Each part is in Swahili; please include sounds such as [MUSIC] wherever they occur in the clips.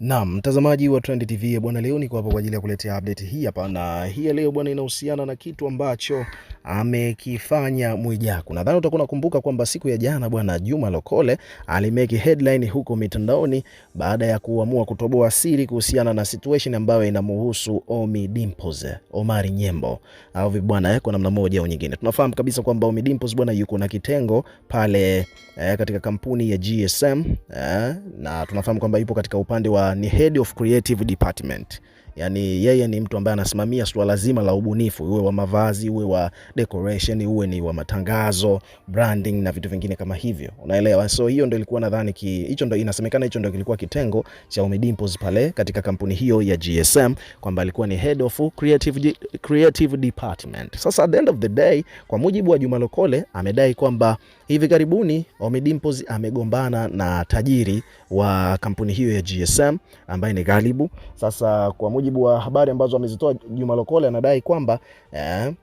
Naam, mtazamaji wa Trend TV bwana, leo niko hapa kwa ajili ya kuletea update hii hapa, na hii leo bwana inahusiana na kitu ambacho amekifanya Mwijaku. Nadhani utakuwa unakumbuka kwamba siku ya jana bwana Juma Lokole alimeki headline huko mitandaoni baada ya kuamua kutoboa siri kuhusiana na situation ambayo inamhusu Ommy Dimpoz, Omari Nyembo au bwana, eh, kwa namna moja au nyingine. Tunafahamu kabisa kwamba Ommy Dimpoz bwana yuko na kitengo pale eh, katika kampuni ya GSM eh, na tunafahamu kwamba yupo katika upande wa ni head of creative department yani yeye ni mtu ambaye anasimamia swala zima la ubunifu, uwe wa mavazi, uwe wa decoration, uwe ni wa matangazo, branding na vitu vingine kama hivyo, unaelewa. So hiyo ndio ilikuwa nadhani, hicho ndio inasemekana, hicho ndio kilikuwa kitengo cha Ommy Dimpoz pale katika kampuni hiyo ya GSM, kwamba alikuwa ni head of creative, creative department. Sasa at the end of the day, kwa mujibu wa Juma Lokole amedai kwamba hivi karibuni Ommy Dimpoz amegombana na tajiri wa kampuni hiyo ya GSM ambaye ni Galibu. Sasa kwa mujibu mujibu wa habari ambazo amezitoa Juma Lokole, anadai kwamba eh,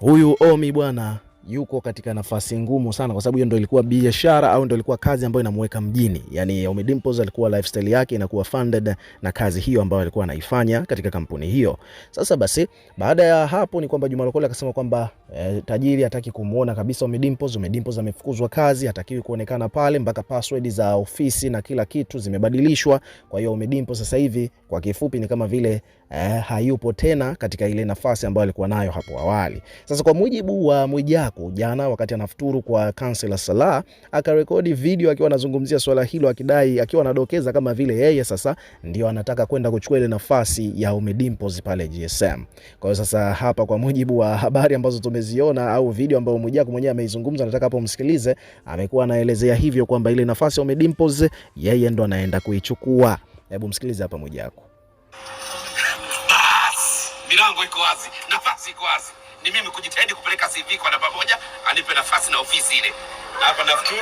huyu Omi bwana yuko katika nafasi ngumu sana kwa sababu hiyo ndo ilikuwa biashara au ndo ilikuwa kazi ambayo inamuweka mjini. Yaani Ommy Dimpoz alikuwa lifestyle yake inakuwa funded na kazi hiyo ambayo alikuwa anaifanya katika kampuni hiyo. Sasa basi, baada ya hapo ni kwamba Juma Lokole akasema kwamba E, tajiri hataki kumuona kabisa Omidimpoz. Omidimpoz amefukuzwa kazi, hatakiwi kuonekana pale, mpaka password za ofisi na kila kitu zimebadilishwa. Kwa hiyo Omidimpoz sasa hivi kwa kifupi ni kama vile eh, hayupo tena katika ile nafasi ambayo alikuwa nayo hapo awali. Sasa kwa mujibu wa Mwijaku, jana wakati anafuturu kwa Kansela Salah akarekodi video akiwa anazungumzia swala hilo, akidai akiwa anadokeza kama vile yeye sasa ndio anataka kwenda kuchukua ile nafasi ya Omidimpoz pale GSM. Kwa hiyo sasa hapa kwa mujibu wa habari ambazo tume umeziona au video ambayo Mwijaku mwenyewe ameizungumza, nataka hapo msikilize. Amekuwa anaelezea hivyo kwamba ile nafasi Ommy Dimpoz yeye ndo anaenda kuichukua. Hebu msikilize hapa Mwijaku. Bas, milango iko wazi, nafasi iko wazi, ni mimi kujitahidi kupeleka CV kwa namba moja, anipe nafasi na ofisi ile hapa. Nafikiri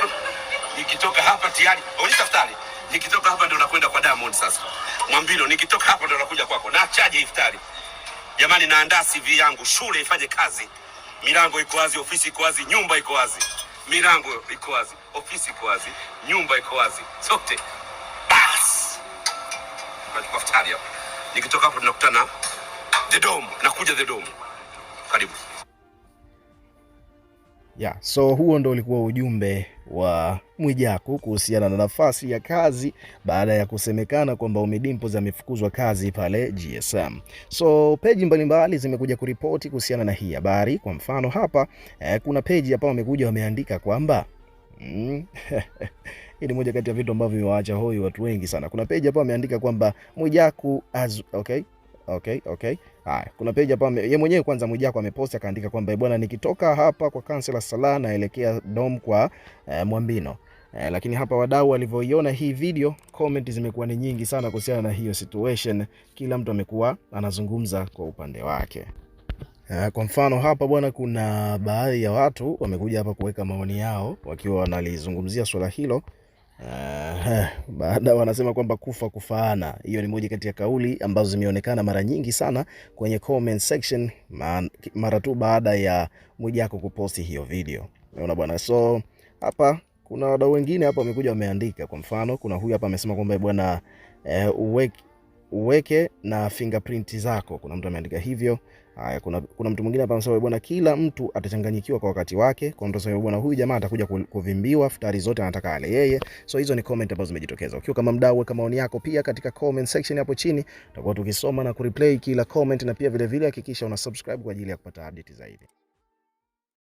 nikitoka hapa tayari, onyesha daftari nikitoka hapa ndio nakwenda kwa Diamond. Sasa Mwambilo, nikitoka hapa ndio nakuja kwako, na chaje iftari. Jamani, naandaa CV yangu, shule ifanye kazi. Milango iko wazi, ofisi iko wazi, nyumba iko wazi, milango iko wazi, ofisi iko wazi, nyumba iko wazi, sote bas. kwa futari hapa, nikitoka hapo tunakutana The Dome, nakuja The Dome. Karibu yeah, so huo ndo ulikuwa ujumbe wa Mwijaku kuhusiana na nafasi ya kazi baada ya kusemekana kwamba Ommy Dimpoz amefukuzwa kazi pale GSM. So peji mbalimbali zimekuja kuripoti kuhusiana na hii habari. Kwa mfano hapa eh, kuna peji hapa wamekuja wameandika kwamba mm, [LAUGHS] hii ni moja kati ya vitu ambavyo vimewaacha hoi watu wengi sana. Kuna peji hapa wameandika kwamba Mwijaku az, okay okay, okay. Haya, kuna page hapa yeye mwenyewe kwanza Mwijaku ameposti akaandika kwamba eh, bwana, nikitoka hapa kwa kansela Sala naelekea dom kwa eh, Mwambino. Eh, lakini hapa wadau walivyoiona hii video, comment zimekuwa ni nyingi sana kuhusiana na hiyo situation. Kila mtu amekuwa anazungumza kwa upande wake. Eh, kwa mfano hapa bwana, kuna baadhi ya watu wamekuja hapa kuweka maoni yao wakiwa wanalizungumzia swala hilo baada wanasema kwamba kufa kufaana. Hiyo ni moja kati ya kauli ambazo zimeonekana mara nyingi sana kwenye comment section mara tu baada ya Mwijaku kuposti hiyo video. Unaona bwana, so hapa kuna wadau wengine hapa wamekuja wameandika. Kwa mfano, kuna huyu hapa amesema kwamba bwana eh, uweke uweke na fingerprint zako. Kuna mtu ameandika hivyo. Haya, kuna, kuna mtu mwingine hapa anasema bwana, kila mtu atachanganyikiwa kwa wakati wake. Kuna mtu anasema bwana, huyu jamaa atakuja kuvimbiwa futari zote anataka ale yeye. So hizo ni comment ambazo zimejitokeza. Ukiwa kama mdau, weka maoni yako pia katika comment section hapo chini, tutakuwa tukisoma na kureplay kila comment, na pia vilevile hakikisha una subscribe kwa ajili ya kupata update zaidi.